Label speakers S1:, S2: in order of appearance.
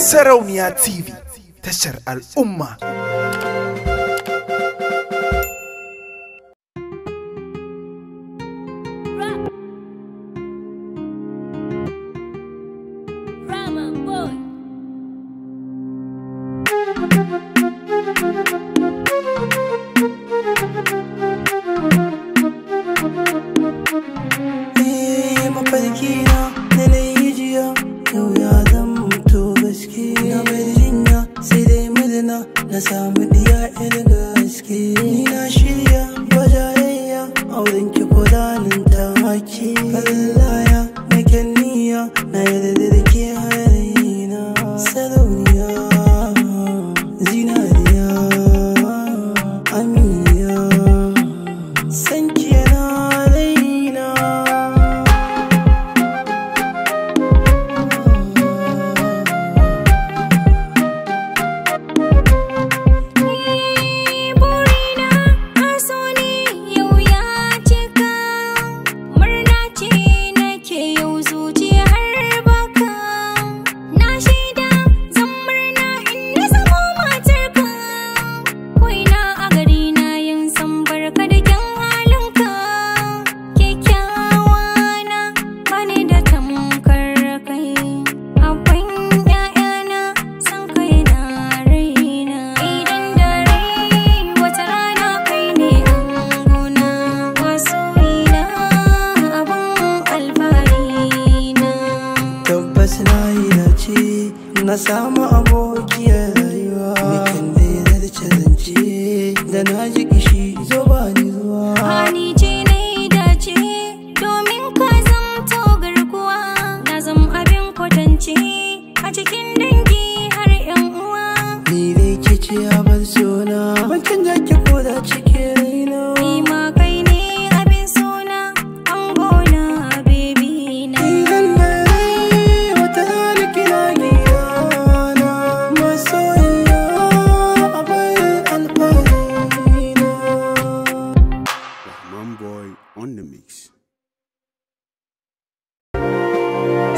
S1: Sarauniya TV tashar al'umma. Mafarki na samu abokiya rayuwa Nikan da ya zarce zance da na ji kishi zo ba ni zuwa